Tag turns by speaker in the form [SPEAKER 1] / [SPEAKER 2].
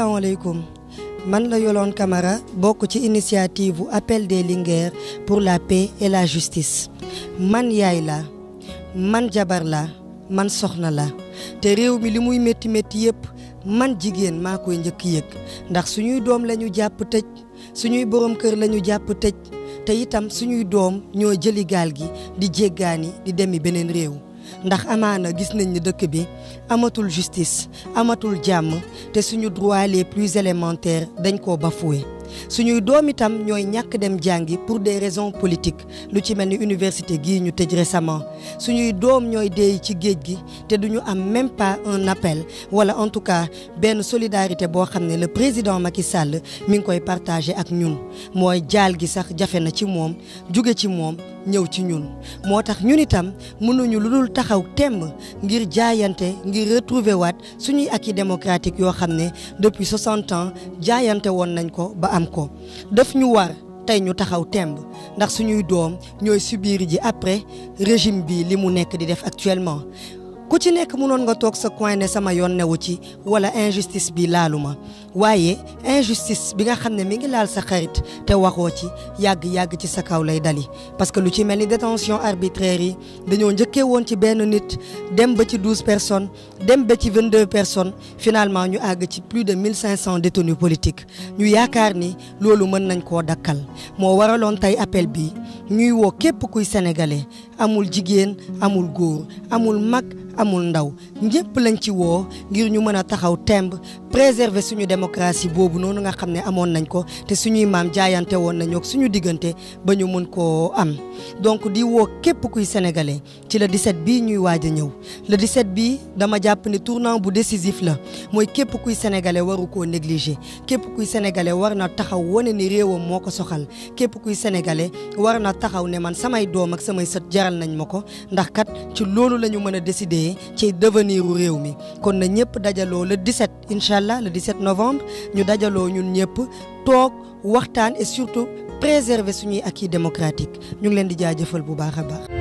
[SPEAKER 1] salaamaaleykum man la yoloon kamara bokk ci initiative bu appel des Linguères pour la paix et la justice man yaay la man jabar la man soxna la te réew mi li muy métti métti yépp man jigéen maa koy njëkk yëg ndax suñuy doom la ñu jàpp tëj suñuy borom kër la ñu jàpp tëj te itam suñuy doom ñoo jëli gaal gi di jéggaani di demi beneen réew ndax amaana gis nañ ni dëkk bi amatul justice amatul jàmm te suñu droits les plus élémentaires dañ koo bafoué suñuy doom itam ñooy ñàkk dem jàngi pour des raisons politiques lu ci mel ni université gii ñu tëj récemment suñuy doom ñooy deey ci géej gi te duñu am même pas un appel wala en tout cas benn solidarité boo xam ne le président Macky Sall mi ngi koy partagé ak ñun mooy jaal gi sax jafe na ci moom jóge ci moom ñëw ci ñun moo tax ñun itam mënuñu lu dul taxaw temb ngir jaayante ngir retrouver waat suñuy acquis démocratique yoo xam ne depuis 60 ans jaayante woon nañ ko ba am ko daf ñu war tey ñu taxaw temb ndax suñuy doom ñooy si biir ji après régime bi li mu nekk di def actuellement ku ci nekk mënoon nga toog sa coin ne sama yoon newu ci wala injustice bi laalu waaye injustice bi nga xam ne mi ngi laal sa xarit te waxoo ci yàgg-yàgg ci sa kaw lay dali parce que lu ci mel ni détention arbitraire yi dañoo njëkkee woon ci benn nit dem ba ci douze personnes dem ba ci vingt deux personnes finalement ñu àgg ci plus de mille cinq cent détenus politiques ñu yaakaar ni loolu mën nañ koo dakkal moo waraloon tey appel bi ñuy woo képp kuy sénégalais amul jigéen amul góor amul ndaw ñëpp lañ ci woo ngir ñu mën a taxaw temb préserver suñu démocratie boobu noonu nga xam ne amoon nañ ko te suñuy maam jaayante woon nañoo suñu diggante ba ñu mën koo am donc di woo képp kuy sénégalais ci la 17 bi ñuy waaj a ñëw le 17 bi dama jàpp ne tournant bu décisif la mooy képp kuy sénégalais waru koo négliger képp kuy sénégalais war na taxaw wane ni réewam moo ko soxal képp kuy sénégalais war na taxaw ne man samay doom ak samay sët jaral nañ ma ko ndax kat ci loolu la ñu mën a ci devenir réew mi kon na ñëpp dajaloo le 17 incha allah le 17 novembre ñu dajaloo ñun ñëpp toog waxtaan et surtout ñuy ak acquis démocratique ñu ngi leen di jaajëfal bu baax a baax.